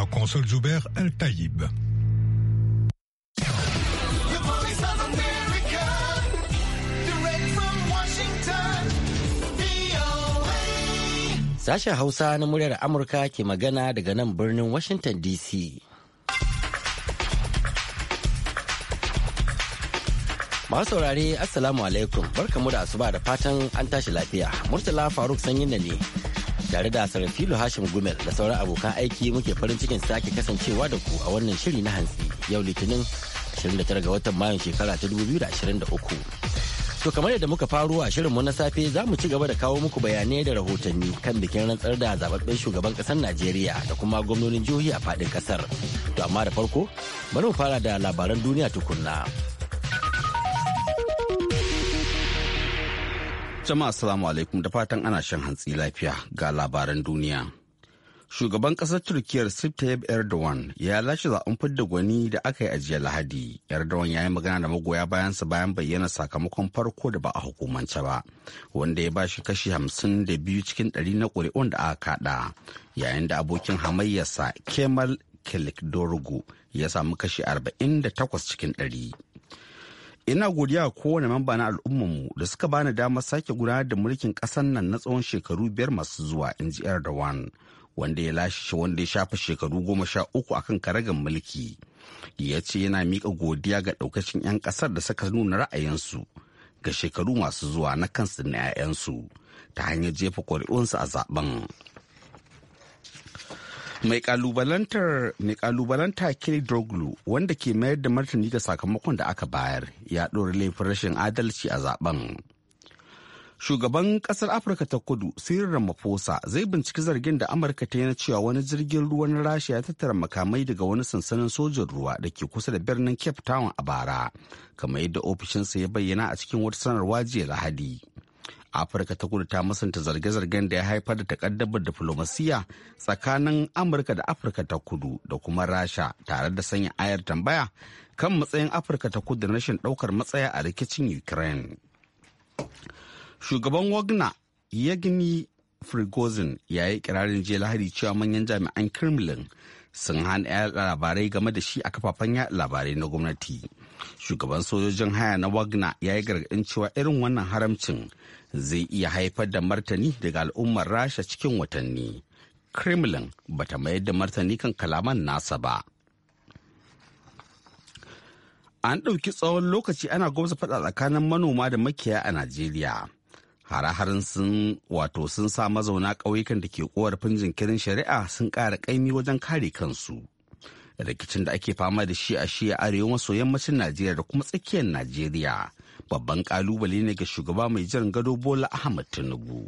la consul Zubair El Taïb. Sashen Hausa na muryar Amurka ke magana daga nan birnin Washington DC. Masu saurare Assalamu alaikum barkamu da asuba da fatan an tashi lafiya. Murtala Faruk sanyin da ne tare da sarrafilu hashim gumel da sauran abokan aiki muke farin cikin sake kasancewa da ku a wannan shiri na hantsi yau litinin 29 ga watan mayun shekara ta 2023 to kamar yadda muka faro a shirinmu na safe za mu ci gaba da kawo muku bayanai da rahotanni kan bikin rantsar da zababben shugaban kasar najeriya da kuma gwamnonin jihohi a faɗin kasar to amma da farko bari mu fara da labaran duniya tukunna. Jama'a assalamu alaikum da fatan ana shan hantsi lafiya ga labaran duniya. Shugaban ƙasar Turkiyyar Tayyip Erdogan ya lashe zaɓen fidda gwani da aka yi a jiya Lahadi. Erdogan ya yi magana da magoya bayansa bayan bayyana sakamakon farko da ba a hukumance ba, wanda ya bashi kashi hamsin da biyu cikin ɗari na ƙuri'un da aka kaɗa, yayin da abokin hamayyarsa Kemal Kilik ya samu kashi arba'in da takwas cikin ɗari. ina godiya ga kowane mamba na al'ummarmu da suka bani damar sake gudanar da mulkin ƙasar nan na tsawon shekaru biyar masu zuwa in ji erdogan wanda ya lashe wanda ya shafa shekaru goma sha uku akan karagan mulki ya ce yana miƙa godiya ga ɗaukacin 'yan ƙasar da suka nuna ra'ayinsu ga shekaru masu zuwa na kansu na 'ya'yansu ta hanyar jefa ƙuri'unsu a zaben mai kalubalantar mai kalubalanta kiri droglu wanda ke mayar da martani ga sakamakon da aka bayar ya ɗora laifin rashin adalci a zaben shugaban ƙasar afirka ta kudu sirri ramaphosa zai binciki zargin da amurka ta yi na cewa wani jirgin ruwa na rasha ya tattara makamai daga wani sansanin sojan ruwa da ke kusa da birnin cape town a bara kamar yadda ofishinsa ya bayyana a cikin wata sanarwa jiya lahadi afirka ta kudu ta musanta zarge-zargen da ya haifar da takaddabar diflomasiyya tsakanin amurka da afirka ta kudu da kuma rasha tare da sanya ayar tambaya kan matsayin afirka ta kudu na rashin daukar matsaya a rikicin ukraine shugaban wagner yagni frigozin ya yi kirarin jiya lahadi cewa manyan jami'an Kremlin sun hana labarai game da shi a kafafen yaɗa labarai na gwamnati. Shugaban sojojin haya na Wagner ya yi gargaɗin cewa irin wannan haramcin zai iya haifar da martani daga al'ummar rasha cikin watanni kremlin bata mayar da martani kan kalaman nasa ba an ɗauki tsawon lokaci ana gwamza faɗa tsakanin manoma da makiya a najeriya hare-haren sun wato sun sa mazauna ƙauyukan da ke korafin jinkirin shari'a sun ƙara ƙaimi wajen kare kansu rikicin da ake fama da shi a shi a arewa maso yammacin najeriya da kuma tsakiyar najeriya babban kalubale ne ga shugaba mai jiran gado bola ahmad tinubu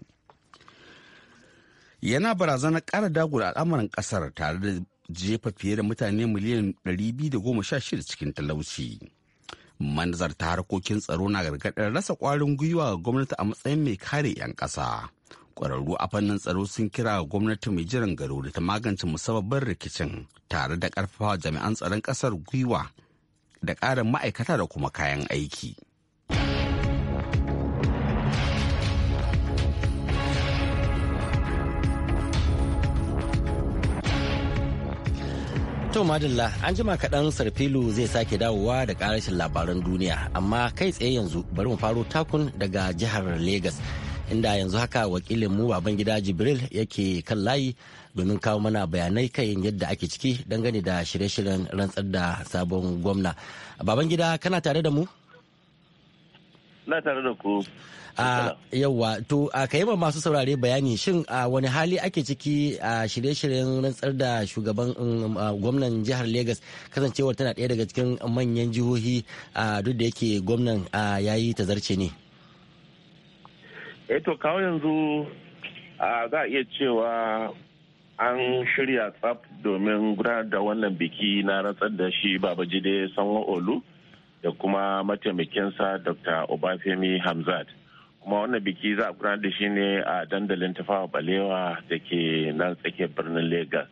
yana barazanar kara dagula al'amuran kasar tare da jefa fiye da mutane miliyan 216 cikin talauci manazarta harkokin tsaro na gargadar rasa kwarin gwiwa ga gwamnati a matsayin mai kare 'yan ƙasa ƙwararru a fannin tsaro sun kira ga gwamnati mai jiran gado da ta magance musabbabin rikicin tare da karfafa jami'an tsaron ƙasar gwiwa da ƙarin ma'aikata da kuma kayan aiki. To madalla an jima kaɗan sarfilu zai sake dawowa da ƙarashin labaran duniya amma kai tsaye yanzu bari mu faro takun daga jihar Legas inda yanzu haka wakilin mu baban gida Jibril yake kan layi domin kawo mana bayanai kan yadda ake ciki dangane da shirye-shiryen rantsar da sabon gwamna. Baban gida kana tare da mu? Na tare da ku. Ah, yawa to ah, ka yi masu saurare bayani shin a ah, wani hali ake ciki a shirye-shiryen rantsar da shugaban um, um, gwamnan jihar Legas kasancewar tana ɗaya daga cikin manyan jihohi duk da yake gwamnan ya yi ta zarce ne. Eh, to kawo yanzu za a iya cewa an shirya tsaf domin gudanar da wannan biki na rantsar da shi jide sanwa olu da kuma mataimakinsa dr obafemi hamzat kuma wannan biki za a gudanar da shi ne a dandalin tafawa balewa da ke nan tsakiyar birnin lagos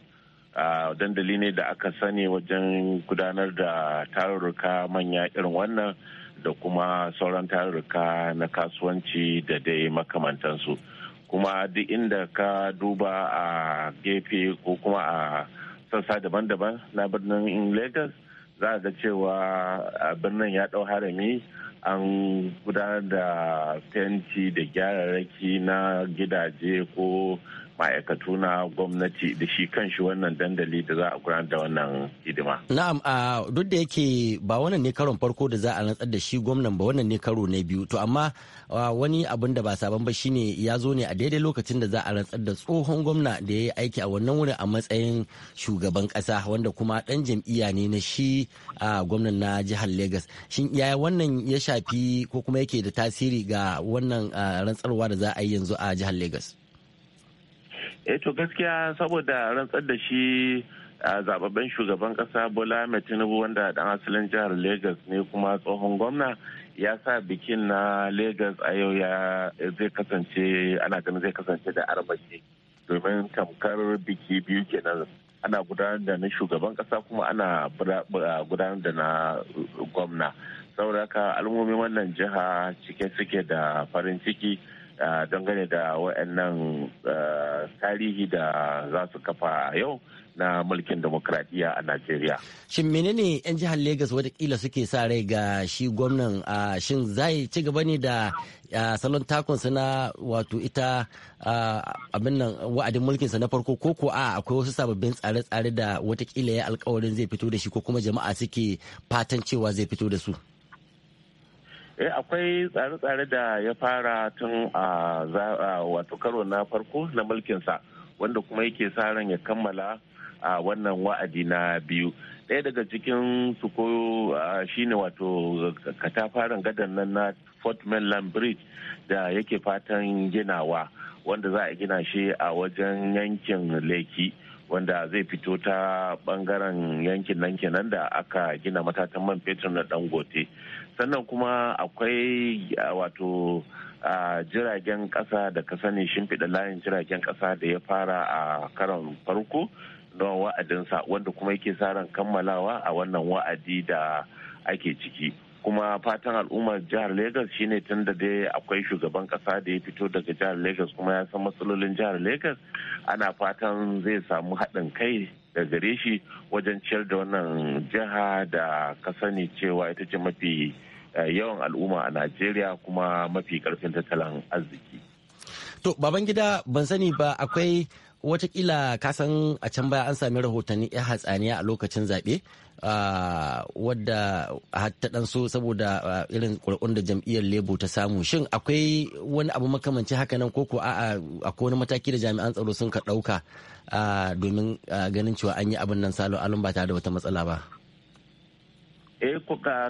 dandali ne da aka sani wajen gudanar da tarurruka manya irin wannan da kuma sauran tarurruka na kasuwanci da dai makamantansu kuma duk inda ka duba a gefe ko kuma a sassa daban-daban na birnin lagos za a ga cewa birnin ya ɗau harami an gudanar da fenti da gyararraki na gidaje ko ma'aikatu na gwamnati da shi kan shi wannan dandali da za a gudanar da wannan hidima. Na'am a duk da yake ba wannan ne karon farko da za a rantsar da shi gwamnan ba wannan ne karo na biyu to amma wani abin da ba sabon ba shine ya zo ne a daidai lokacin da za a rantsar da tsohon gwamna da ya yi aiki a wannan wurin a matsayin shugaban kasa wanda kuma dan jam'iyya ne na shi a gwamnan na jihar Legas. Shin yaya wannan ya shafi ko kuma yake da tasiri ga wannan rantsarwa da za a yi yanzu a jihar Legas? eh to gaskiya saboda rantsar da shi a zababben shugaban kasa bola mai tinubu wanda dan asalin jihar lagos ne kuma tsohon gwamna ya sa bikin na lagos a yau ya zai kasance ana ganin zai kasance da armashi domin tamkar biki biyu kenan ana gudanar da na shugaban kasa kuma ana gudanar da na gwamna saboda haka al'ummomin wannan jiha cike suke da farin ciki dangane da waɗannan tarihi da za su kafa yau na mulkin demokradiyya a Najeriya. Shin menene 'yan jihar Legas watakila suke sa rai ga shi gwamnan shin zai ci gaba ne da salon takunsa na wato ita abin wa'adin mulkinsa na farko ko ko a akwai wasu sababbin tsare-tsare da watakila ya alkawarin zai fito da shi ko kuma jama'a suke fatan cewa zai fito da su. eh akwai tsare-tsare da ya fara tun a wato karo na farko na mulkinsa wanda kuma yake sa ran ya kammala a wannan wa'adi na biyu ɗaya daga cikin su koyo shine wato katafaren gadon nan na fort mainland bridge da yake fatan ginawa wanda za a gina shi a wajen yankin leki wanda zai fito ta bangaren yankin nan kenan da aka gina matatan man fetur na dangote sannan kuma akwai wato a jiragen kasa da ka sani shimfiɗa layin jiragen kasa da ya fara a karon farko don wa'adinsa wanda kuma yake sa ran kammalawa a wannan wa'adi da ake ciki kuma fatan al'ummar jihar lagos shine tun da dai akwai shugaban kasa da ya fito daga jihar lagos kuma ya san matsalolin jihar lagos ana fatan zai samu haɗin kai da gare shi wajen ciyar da wannan jiha da ka sani cewa ita ce mafi eh, yawan al'umma a najeriya kuma mafi karfin tattalin arziki to Babangida ban sani ba akwai watakila kasan a can baya an sami rahotanni ya hatsaniya a lokacin zaɓe wadda hatta ɗan so saboda irin ƙuri'un da jam'iyyar lebo ta samu shin akwai wani abu makamanci haka nan ko a'a akwai wani mataki da jami'an tsaro sun ka ɗauka domin ganin cewa an yi abin nan salo alun ba tare da wata matsala ba eh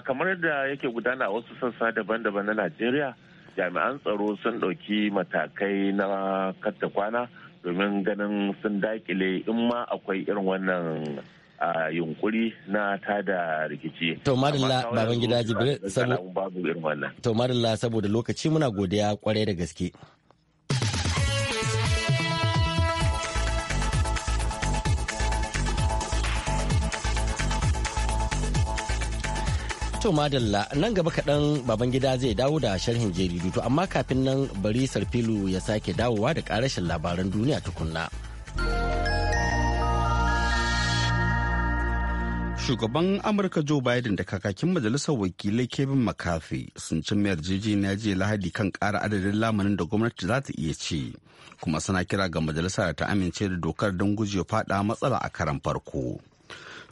kamar da yake gudana a wasu sassa daban-daban na najeriya jami'an tsaro sun ɗauki matakai na katta kwana domin ganin sun dakile in ma akwai irin wannan a yunkuri na tada rikici. To madalla baban gida Jibril saboda saboda lokaci muna godiya kwarai da gaske. To madalla nan gaba kaɗan baban gida zai dawo da sharhin jaridu to amma kafin nan bari sarfilu ya sake dawowa da ƙarashin labaran duniya tukunna. Shugaban Amurka Joe Biden da kakakin majalisar wakilai Kevin McCarthy sun ci mayar na jiya lahadi kan kara adadin lamanin da gwamnati za ta iya ci, kuma suna kira ga majalisar ta amince da dokar don gujewa faɗa matsala a karan farko.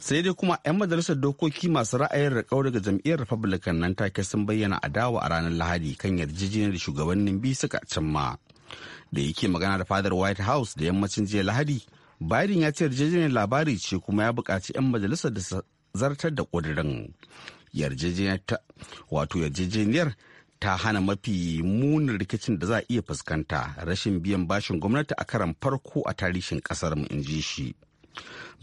sai dai kuma 'yan majalisar dokoki masu ra'ayin rikau daga jam'iyyar republican nan take sun bayyana adawa a ranar lahadi kan yarjejeniyar shugabannin biyu suka cimma da yake magana da fadar white house da yammacin jiya lahadi biden ya ce yarjejeniyar labari ce kuma ya buƙaci 'yan majalisar da zartar da ƙudurin wato yarjejeniyar ta hana mafi munin rikicin da za a iya fuskanta rashin biyan bashin gwamnati a karan farko a tarihin kasar mu in ji shi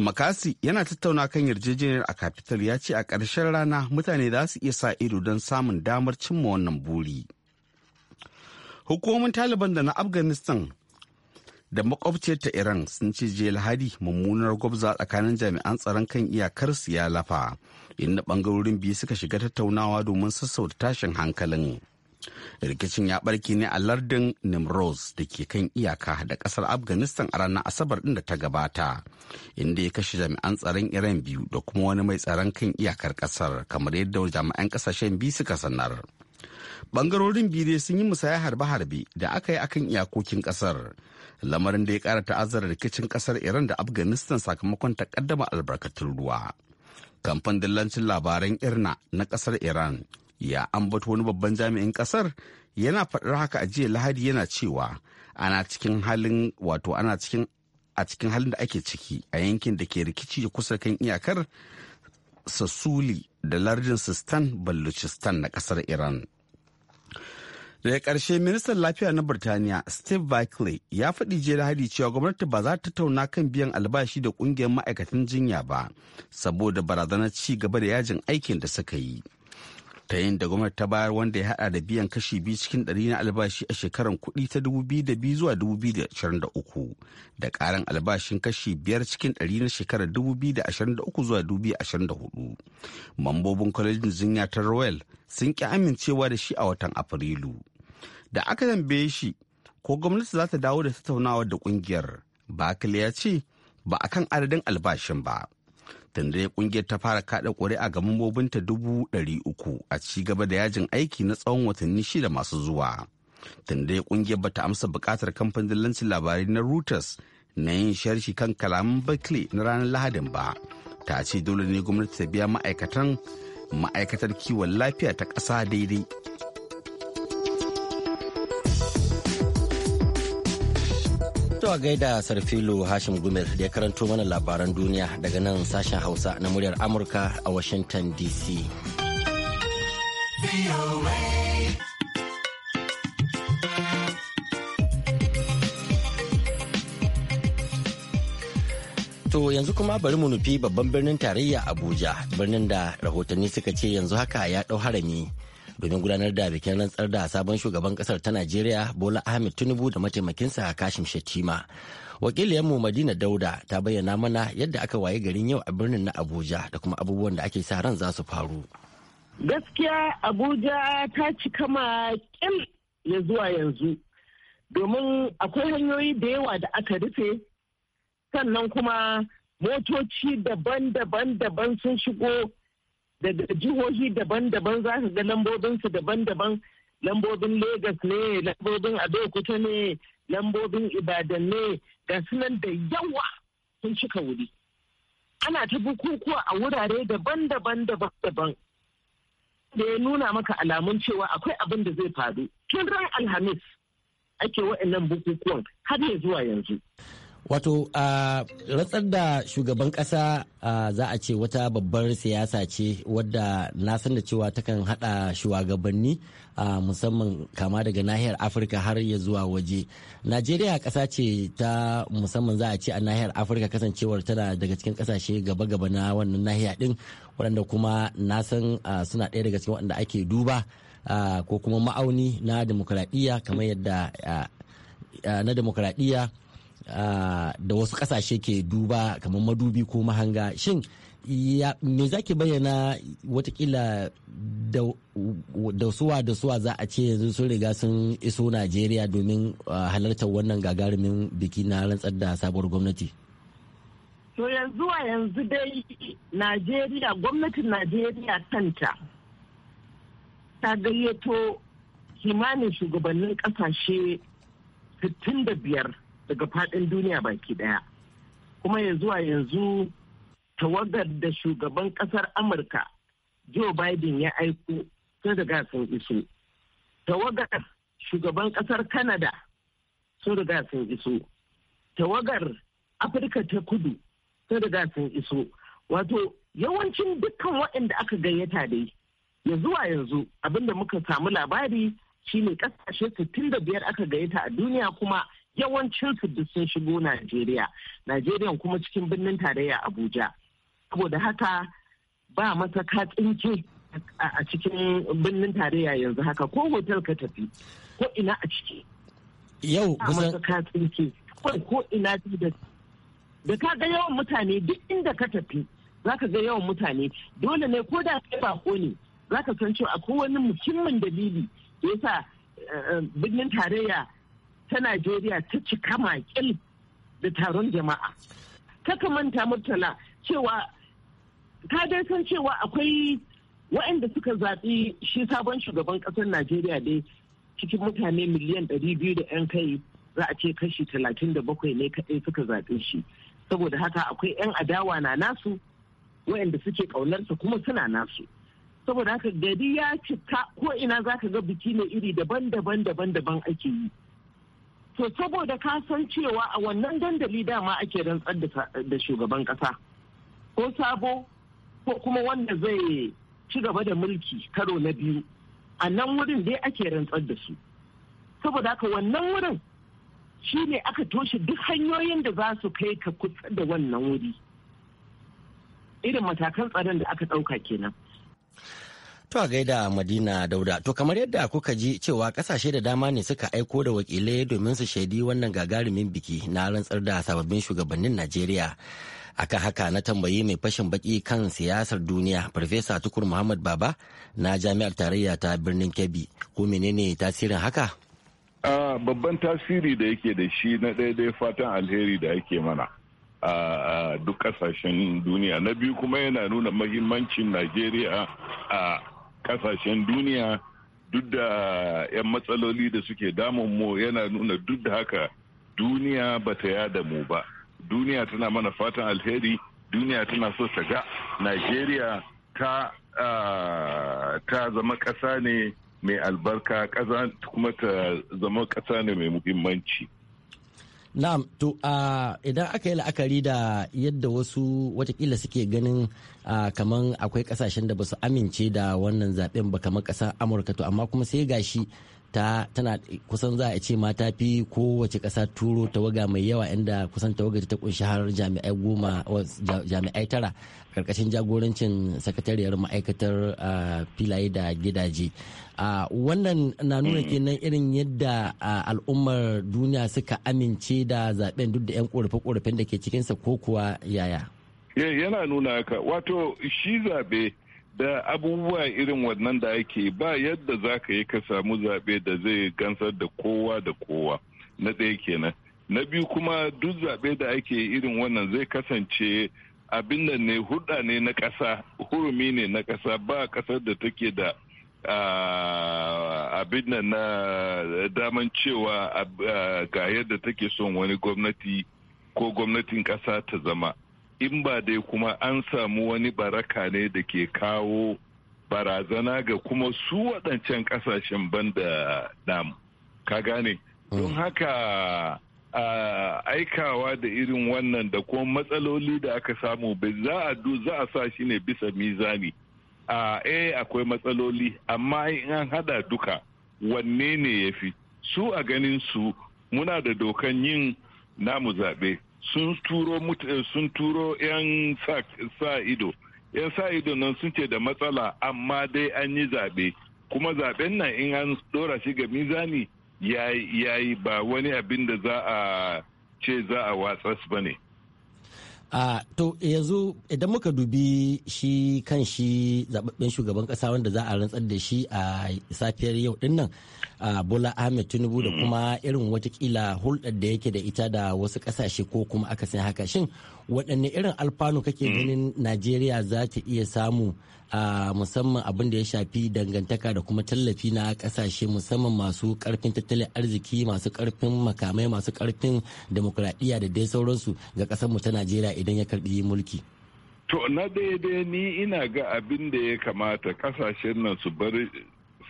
Makasi yana tattauna kan yarjejeniyar a Capital ya ce a ƙarshen rana mutane za su iya sa ido don samun damar cimma wannan buri. Hukumomin Taliban da na Afghanistan da makwabciyar ta Iran sun ce jiya Lahadi mummunar gwabza tsakanin jami'an tsaron kan iyakar su ya lafa, inda ɓangarorin biyu suka shiga tattaunawa domin sassauta tashin hankalin. rikicin ya barke ne a lardin nimrose da ke kan iyaka da kasar afghanistan a ranar asabar din da ta gabata inda ya kashe jami'an tsaron iran biyu da kuma wani mai tsaron kan iyakar kasar kamar yadda jami'an kasashen biyu suka sanar bangarorin biyu sun yi musaya harbe-harbe da aka yi akan iyakokin kasar lamarin da ya kara ta'azzara rikicin kasar iran da afghanistan sakamakon takaddama albarkatun ruwa kamfan dillancin labaran irna na kasar iran ya ambata wani babban jami'in kasar yana faɗar haka a jiya lahadi yana cewa ana cikin halin wato ana cikin a cikin halin da ake ciki a yankin da ke rikici kusa kan iyakar sasuli da lardin sistan baluchistan na kasar iran daga ƙarshe ministan lafiya na birtaniya steve barclay ya faɗi jiya lahadi cewa gwamnati ba za ta tauna kan biyan albashi da ƙungiyar ma'aikatan jinya ba saboda barazanar ci gaba da yajin aikin da suka yi ta yin da gwamnati ta bayar wanda ya hada da biyan kashi biyu cikin ɗari na albashi a shekarar kuɗi ta 2002 zuwa 2023 da ƙarin albashin kashi biyar cikin ɗari na shekarar 2023 zuwa 2024 mambobin kwalejin zinya ta royal sun ƙi amincewa da shi a watan afrilu da aka tambaye shi ko gwamnati za ta dawo da tattaunawa da ƙungiyar bakale ya ce ba a kan adadin albashin ba tunda kungiyar ta fara kada kuri'a ga mambobinta dubu dari uku a ci gaba da yajin aiki na tsawon watanni shida masu zuwa tunda ya kungiyar bata amsa bukatar kamfanin lancin labarai na reuters na yin sharshi kan kalaman berkeley na ranar lahadin ba ta ce dole ne gwamnati ta biya ma'aikatan ma'aikatar kiwon lafiya ta ƙasa daidai To a gaida Sarfilu Hashim Gumel da ya karanto mana labaran duniya daga nan sashen Hausa na muryar Amurka a Washington DC. To yanzu kuma bari mu nufi babban birnin tarayya Abuja, birnin da rahotanni suka ce yanzu haka ya ɗau harami. domin gudanar da bikin rantsar da sabon shugaban kasar ta najeriya bola ahmed tinubu da mataimakinsa kashim shettima wakiliyanmu madina dauda ta bayyana mana yadda aka waye garin yau a birnin na abuja da kuma abubuwan da ake sa ran za su faru gaskiya abuja ta cika makil ya zuwa yanzu domin akwai hanyoyi da yawa da aka rufe sannan kuma motoci daban-daban daban sun shigo daga jihohi daban-daban za su ga lambobinsu daban-daban lambobin Legas ne lambobin adokuta ne lambobin Ibadan ne ga sunan da yawa sun cika wuri ana ta bukukuwa a wurare daban-daban daban-daban da ya nuna maka alamun cewa akwai abin da zai faru tun ran alhamis ake wa'annan bukukuwan har ya zuwa yanzu wato a ratsar da shugaban kasa za a ce wata babbar siyasa ce wadda na san da cewa takan haɗa shugabanni musamman kama daga nahiyar afirka har ya zuwa waje najeriya kasa ce ta musamman za a ce a nahiyar afirka kasancewar tana daga cikin kasashe gaba-gaba na wannan nahiya din waɗanda kuma na san suna ɗaya daga cikin waɗanda ake duba ko kuma ma'auni na demokradiyya kamar yadda na demokradiyya da wasu kasashe ke duba kamar madubi ko mahanga shin me za ki bayyana watakila da suwa da suwa za a ce yanzu sun riga sun iso najeriya domin halartar wannan gagarumin biki na rantsar da sabuwar gwamnati to yanzu a yanzu dai najeriya gwamnatin najeriya kanta ta gayyato kimanin shugabannin kasashe 65 daga faɗin duniya baki ɗaya kuma ya zuwa yanzu tawagar da shugaban ƙasar amurka joe biden ya aiko sun riga sun iso tawagar shugaban ƙasar canada sun riga sun iso tawagar afirka ta kudu sun riga sun iso wato yawancin dukkan waɗanda aka gayyata dai ya zuwa yanzu abinda muka samu labari shine kasashe 65 aka gayyata a duniya kuma yawancinsu duk sun shigo Najeriya. Najeriya kuma cikin birnin tarayya Abuja. Saboda haka ba mata ka tsinke a cikin birnin tarayya yanzu haka ko hotel ka tafi ko ina a ciki. Yau kusan. ka tsinke ko ina da da ka ga yawan mutane duk inda ka tafi za ka ga yawan mutane dole ne ko da kai ko ne za ka san cewa akwai wani muhimmin dalili da yasa eh, eh, birnin tarayya ta Najeriya ta cika makil da taron jama'a. Kaka manta murtala cewa ta dai san cewa akwai waɗanda suka zaɓi shi sabon shugaban ƙasar Najeriya dai cikin mutane miliyan ɗari biyu da 'yan kai za a ce kashi talatin da bakwai ne kaɗai suka zaɓi shi. Saboda haka akwai 'yan adawa na nasu waɗanda suke ƙaunarsa kuma suna nasu. Saboda haka gari ya cika ko ina za ka ga biki ne iri daban-daban daban-daban ake yi. to saboda ka san cewa a wannan dandali dama ake rantsar da shugaban kasa ko sabo ko kuma wanda zai ci gaba da mulki karo na biyu a nan wurin dai ake rantsar da su saboda haka wannan wurin shi ne aka toshe duk hanyoyin da za su kai ka kusa da wannan wuri irin matakan tsaron da aka ɗauka kenan To a gaida Madina Dauda, to kamar yadda kuka ji cewa kasashe da dama ne suka aiko da wakilai domin su shaidi wannan gagarumin biki na rantsar da sababbin shugabannin Najeriya. akan haka na tambayi mai fashin baki kan siyasar duniya farfesa tukur muhammad baba na jami'ar tarayya ta birnin kebbi ko menene tasirin haka babban tasiri da yake da shi na daidai fatan alheri da yake mana a duk kasashen duniya na biyu kuma yana nuna mahimmancin najeriya a kasashen duniya duk da 'yan matsaloli da suke damun mu yana nuna duk da haka duniya ba ta yada mu ba duniya tana mana fatan alheri duniya tana so ta ga najeriya ta ta zama ƙasa ne mai albarka ƙasa kuma ta zama ƙasa ne mai muhimmanci Na'am, to idan aka yi la'akari da yadda wasu watakila suke ganin kamar akwai kasashen da ba su amince da wannan zaɓen ba kamar kasar Amurka to amma kuma sai gashi ta tana kusan za a ce ma ta fi kowace ƙasa turo tawaga mai yawa inda kusan tawaga ta kunshi har jami'ai goma jami'ai tara karkashin jagorancin sakatariyar ma'aikatar filaye da gidaje wannan na nuna mm. kenan irin yadda al'ummar duniya suka amince da zaben duk da 'yan korafe-korafen da ke cikinsa ko kuwa yaya eh, yana nuna haka wato shi zabe da abubuwa irin wannan da ake ba yadda za ka yi ka samu zaɓe da zai gansar da kowa da kowa na ɗaya kenan na biyu kuma duk zaɓe da ake irin wannan zai kasance abin da ne hurɗa ne na ƙasa hurumi ne na ƙasa ba ƙasar da take da abin da na daman cewa ga yadda take son wani gwamnati ko gwamnatin ƙasa ta zama in ba dai kuma an samu wani baraka ne da ke kawo barazana ga kuma su waɗancan ƙasashen banda namu ka gane don mm. haka a aikawa da irin wannan da kuma matsaloli da aka samu za a du za a sa shi ne bisa mizani a eh akwai matsaloli amma in an hada duka wanne ne ya fi su a ganin su muna da dokan yin namu zaɓe sun turo eh, sun turo 'yan sa ido yan sa ido nan sun ce da matsala amma dai an yi zaɓe kuma zaɓen nan in an ɗora shi ga mizani ya yi ba wani abin da za a ce za a watsas ba ne to yanzu idan muka dubi shi kan shi zaɓaɓɓen shugaban ƙasa wanda za a rantsar da shi a safiyar yau din nan bola ahmed tinubu da kuma irin watakila hulɗar da yake da ita da wasu ƙasashe ko kuma aka san haka shin waɗanne irin alfanu kake mm. ganin najeriya za ta iya samu a musamman abin da ya shafi dangantaka da kuma tallafi na ƙasashe musamman masu ƙarfin tattalin arziki masu ƙarfin makamai masu ƙarfin demokuraɗiyya da dai sauransu ga mu ta najeriya idan ya karɓi mulki. To na daidai ni ina ga abin da ya kamata kasashen nan su bar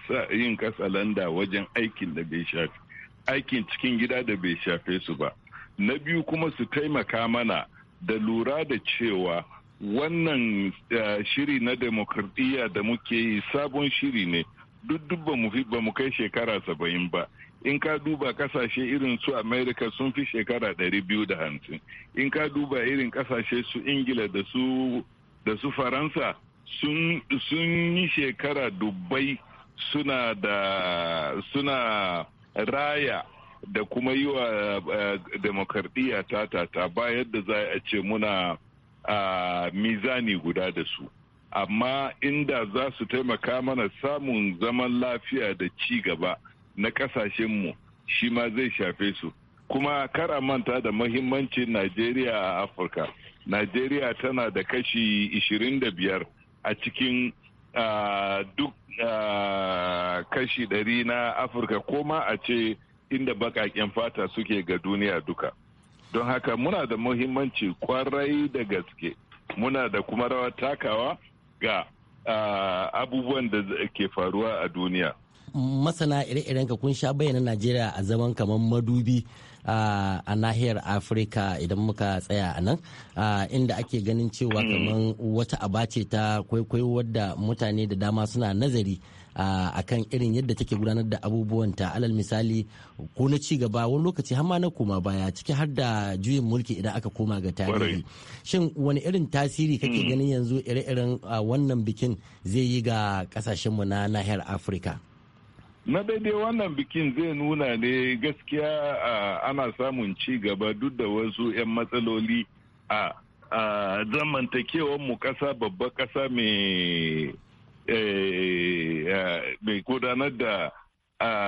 sa yin katsalanda wajen aikin da bai shafi aikin cikin gida da bai shafe su ba na biyu kuma su taimaka mana da lura da cewa wannan eh, shiri na demokradiyya da muke yi sabon shiri ne duk ba mu kai shekara saba'in ba in ka duba kasashe irin su america sun fi shekara ɗari biyu da hamsin in ka duba irin kasashe su ingila da da su faransa sun yi shekara dubbai suna da suna raya da kuma yi wa eh, eh, ta tatata ba yadda za a ce muna mizani guda da su amma inda za su taimaka mana samun zaman lafiya da ci gaba na kasashenmu shi ma zai shafe su kuma kara manta da mahimmancin najeriya a afirka najeriya tana da kashi 25 a cikin Eh, duk eh, kashi ɗari na afirka koma a ce inda baƙaƙen fata suke ga duniya duka don haka muna da muhimmanci kwarai da gaske muna da kuma rawar takawa ga eh, abubuwan da ke faruwa a duniya masana ire-iren ka kun sha bayyana najeriya a zaman kamar madubi a nahiyar afirka idan muka tsaya a nan inda ake ganin cewa hmm. kamar wata abace ta kwaikwayo wadda mutane da dama suna nazari a kan irin yadda take gudanar da abubuwanta alal misali ko na ci gaba wani lokaci har ma na koma baya ciki har da juyin mulki idan aka koma ga tarihi shin wani irin tasiri kake hmm. ganin yanzu ire-iren wannan bikin zai yi ga kasashenmu na nahiyar afirka na daidai wannan bikin zai nuna ne gaskiya ana samun ci gaba duk da wasu 'yan matsaloli a zamantakewar mu kasa babba kasa eh, eh, mai gudanar da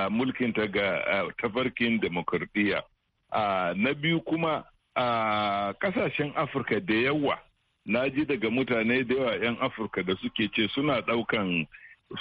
mulkinta ga tafarkin demokradiyya na biyu kuma a kasashen afirka da yawa na ji daga mutane da yawa 'yan afirka da suke ce suna daukan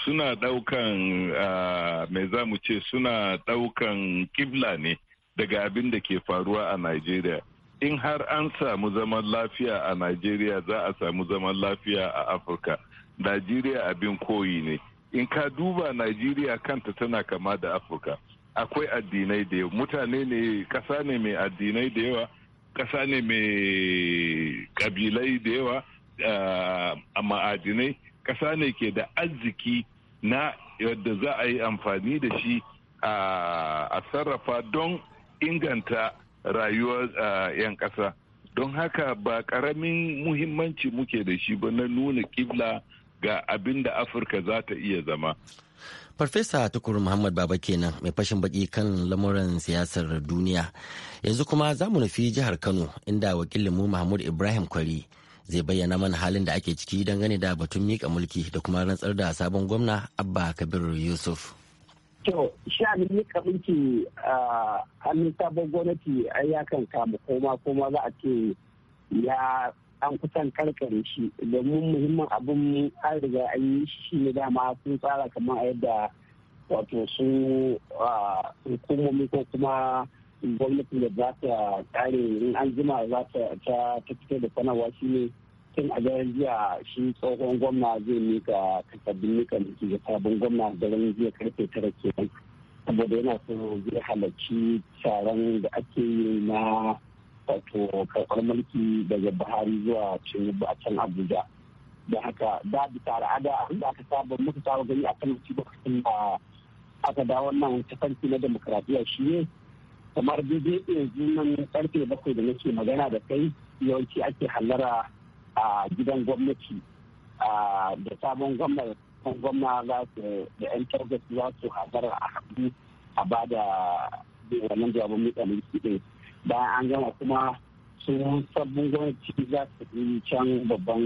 suna daukan ah, mai za mu ce suna daukan kibla ne daga abin da ke faruwa a Najeriya. In har an samu zaman lafiya a Najeriya za a samu zaman lafiya a Afirka. Najeriya abin koyi ne. In ka duba Najeriya kanta tana kama da Afirka. Akwai addinai da yawa. Mutane ne kasa ne mai addinai da yawa. kasa ne mai kabilai da yawa a ah, ma'adinai. ƙasa ne ke da arziki na yadda za a yi amfani da shi a sarrafa don inganta rayuwar 'yan ƙasa don haka ba ƙaramin muhimmanci muke da shi ba na nuna kibla ga abin da afirka za ta iya zama farfesa tukur muhammad baba kenan mai fashin baki kan lamuran siyasar duniya yanzu kuma za mu nufi jihar kano inda wakilinmu mahmud ibrahim kwari zai bayyana mana halin da ake ciki gani da batun mika mulki da kuma rantsar da sabon gwamna abba kabir yusuf to sha'anin mika mulki a hannun sabon gwamnati ai ya kan kama koma koma za a ce ya an kusan karkare shi domin muhimmin abin an riga an yi shi ne dama sun tsara kamar a yadda wato su hukumomi ko kuma gwamnati da za ta kare in an jima za ta ta fito da sanarwa shi ne tun a garin jiya shi tsohon gwamna zai mika takardun mika ke ga sabon gwamna garin jiya karfe tara nan saboda yana so zai halarci taron da ake yi na wato karɓar mulki daga buhari zuwa tinubu a can abuja da haka da tare a da aka saba muka saba gani a kan lokacin da aka dawo nan tafarki na demokaradiyya shi ne kamar daidai nan karfe bakwai da nake magana da kai yawanci ake hallara a gidan gwamnati da sabon gwamnati gwamna za su da 'yan targas za su hazara a haɗu a ba da wannan jawabin mutane su bayan an gama kuma su sabbin gwamnati za su yi can babban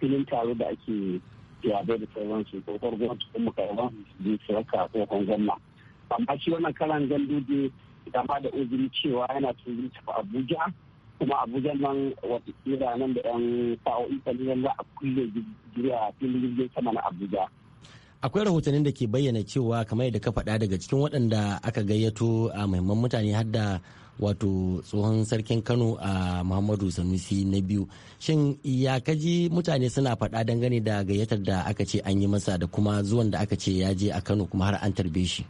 filin taro da ake yabe da sauransu ko gwamnati kuma karban su ji su raka kokon gwamna. amma shi wannan karan da dama da uzuri cewa yana tuzuri tafi abuja kuma abuja nan tsira nan da yan sa'o'i kalilan za a kulle a filin jirgin sama na abuja akwai rahotannin da ke bayyana cewa kamar yadda ka faɗa daga cikin waɗanda aka gayyato a muhimman mutane har da wato tsohon sarkin kano a muhammadu sanusi na biyu shin ya kaji mutane suna faɗa dangane da gayyatar da aka ce an yi masa da kuma zuwan da aka ce ya je a kano kuma har an tarbe shi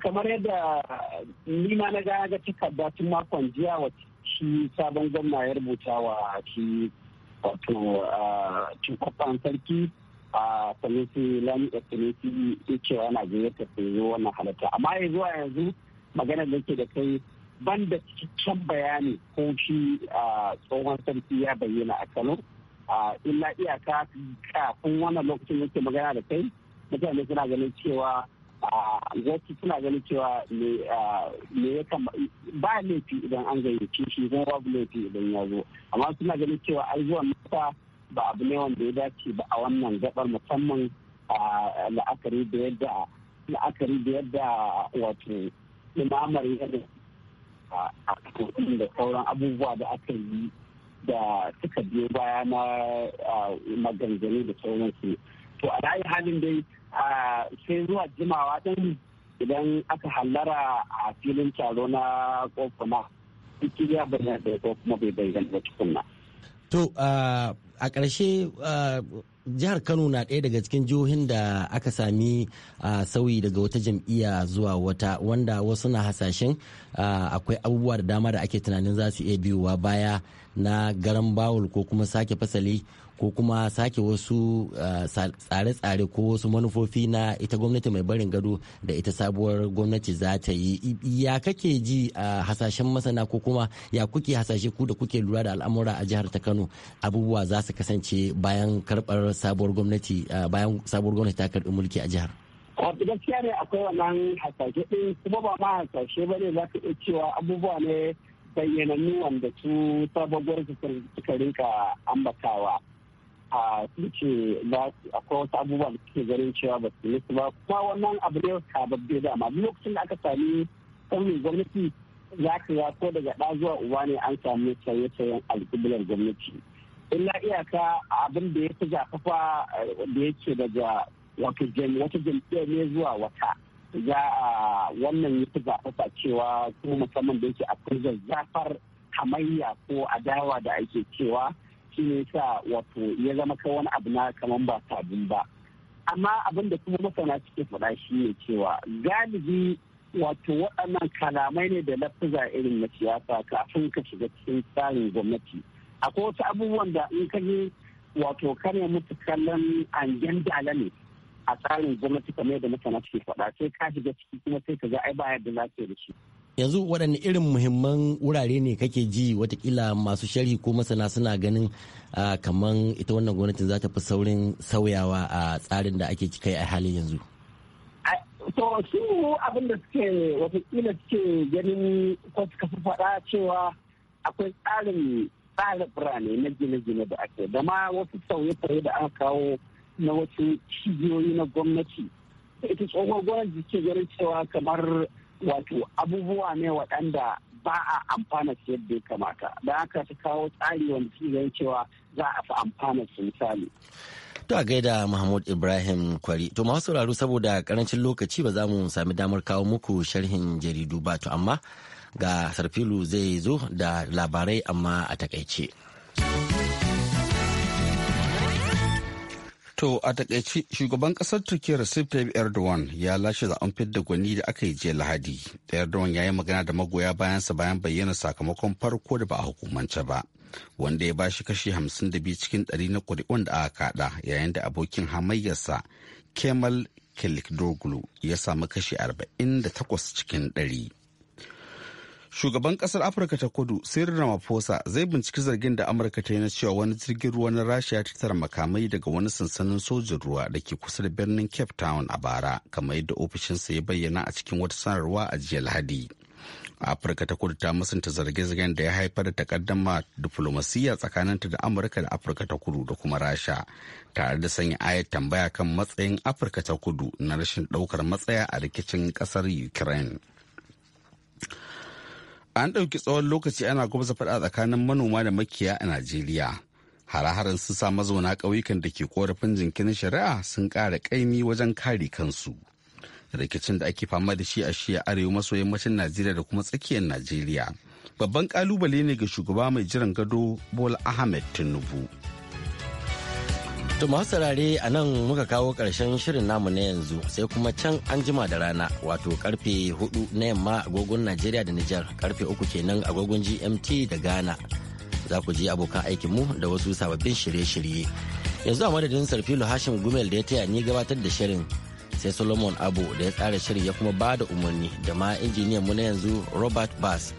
kamar yadda nima na ga ga takarda tun makon jiya wa shi sabon gwamna ya rubuta wa shi wato cikakken sarki a sanisi lami da sanisi ya cewa yana gayyata sai zo wannan halatta amma ya zuwa yanzu maganar da ke da kai ban da cikakken bayani ko shi tsohon sarki ya bayyana a kano a illa iyaka kafin wannan lokacin yake magana da kai mutane suna ganin cewa zaki suna ganin cewa me ya kama ba laifi idan an gayyace shi zan babu laifi idan ya zo amma suna ganin cewa ai zuwan masa ba abu ne wanda ya dace ba a wannan gabar musamman la'akari da yadda la'akari da yadda wato limamar yadda a kotun da sauran abubuwa da aka yi da suka biyo baya na maganganu da sauransu to a halin dai sai zuwa jimawa ɗin idan aka hallara a filin taro na kofuna cikin ya bayyana da ko kuma bai bayyana da tukunna. to a ƙarshe jihar kano na ɗaya daga cikin jihohin da aka sami sauyi daga wata jam'iyya zuwa wata wanda wasu na hasashen akwai abubuwa da dama da ake tunanin za su iya biyowa baya na garan bawul ko kuma sake fasali ko kuma sake wasu ah, tsare-tsare ko wasu manufofi na ita gwamnati mai barin gado da ita sabuwar gwamnati za ta yi ya kake ji a hasashen masana ko kuma ya kuke hasashe ku da kuke lura da al'amura a jihar ta kano abubuwa za su kasance bayan karbar sabuwar gwamnati ah, bayan sabuwar gwamnati ta karbi mulki a jihar gaskiya ne akwai wannan hasashe din kuma ba ma hasashe ba ne za ka iya cewa abubuwa ne bayyanannu wanda su sabuwar gwamnati suka rinka ambatawa a suke ba akwai wasu abubuwa da suke ganin cewa ba su nufi ba kuma wannan abu ne da dama duk lokacin da aka sami sauyin gwamnati za ka ya ko daga ɗa zuwa uba ne an sami sauye-sauyen alƙiblar gwamnati illa iyaka abin da ya fi zafafa eh, da yake daga wata jam'iyyar ne zuwa wata za a wannan ya fi zafafa cewa kuma musamman da yake akwai zazzafar hamayya ko adawa da ake cewa shi ne sa wato ya zama kai wani abu na kamar ba sabin ba amma abin da kuma masana suke faɗa shi ne cewa galibi wato waɗannan kalamai ne da lafiza irin na siyasa kafin ka shiga cikin tsarin gwamnati akwai wasu abubuwan da in ka yi wato kare mutu kallon angen dala ne a tsarin gwamnati kamar da masana suke faɗa sai ka shiga ciki kuma sai ka ga ai ba da za da shi yanzu waɗanne irin muhimman wurare ne kake ji watakila masu sharhi ko masana suna ganin kamar ita wannan gwamnatin za ta fi saurin sauyawa a tsarin da ake cikai a halin yanzu to su abin da suke watakila suke ganin ko suka fi faɗa cewa akwai tsarin tsarin birane na gine-gine da ake da ma wasu sauye-sauye da aka kawo na wasu cibiyoyi na gwamnati ita tsohon gwamnati ke ganin cewa kamar wato abubuwa ne waɗanda ba a amfana su yadda ya kamata da aka ta kawo tsari wanda su zai cewa za a fi amfana su misali. To a gaida Mahmud Ibrahim Kwari. To masu sauraro saboda karancin lokaci ba za mu sami damar kawo muku sharhin jaridu ba to amma ga Sarfilu zai zo da labarai amma a takaice. To a takaici shugaban kasar Turkiyya Recep Tayyip Erdogan ya lashe zaben fidda gwani da aka yi jiya Lahadi. Erdogan ya yi magana da magoya bayansa bayan bayyana sakamakon farko da ba a hukumance ba. Wanda ya bashi kashi hamsin da biyu cikin ɗari na ƙuri'un da aka kaɗa yayin da abokin hamayyarsa Kemal Kilikdoglu ya samu kashi arba'in da takwas cikin ɗari shugaban kasar afirka ta kudu sirri ramaphosa zai binciki zargin da amurka ta yi na cewa wani jirgin ruwa na rasha ya tara makamai daga wani sansanin sojin ruwa da ke kusa da birnin cape town a bara kamar yadda ofishinsa ya bayyana a cikin wata sanarwa a jiya lahadi afirka ta kudu ta musanta zarge-zargen da ya haifar da takaddama diflomasiyya tsakaninta da amurka da afirka ta kudu da kuma rasha tare da sanya ayat tambaya kan matsayin afirka ta kudu na rashin daukar matsaya a rikicin kasar ukraine an ɗauki tsawon lokaci ana gwamza faɗa tsakanin manoma da makiya a najeriya hare-haren su sa mazauna ƙauyukan da ke korafin jinkirin shari'a sun ƙara ƙaimi wajen kare kansu rikicin da ake fama da shi a shiya arewa maso yammacin najeriya da kuma tsakiyar najeriya babban ƙalubale ne ga shugaba mai jiran gado bola ahmed tinubu To masu saurare a nan muka kawo ƙarshen shirin namu na yanzu sai kuma can an jima da rana wato karfe hudu na yamma agogon Najeriya da Nijar karfe uku kenan agogon GMT da Ghana. Za ku ji abokan aikinmu da wasu sababbin shirye-shirye. Yanzu a madadin Sarfilu Hashim Gumel da ya taya ni gabatar da shirin sai Solomon Abu da ya tsara shirin ya kuma ba da umarni da ma injiniyan mu na yanzu Robert Bass.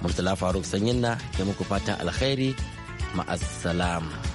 Murtala Faruk Sanyin na ke muku fatan alkhairi ma'assalam.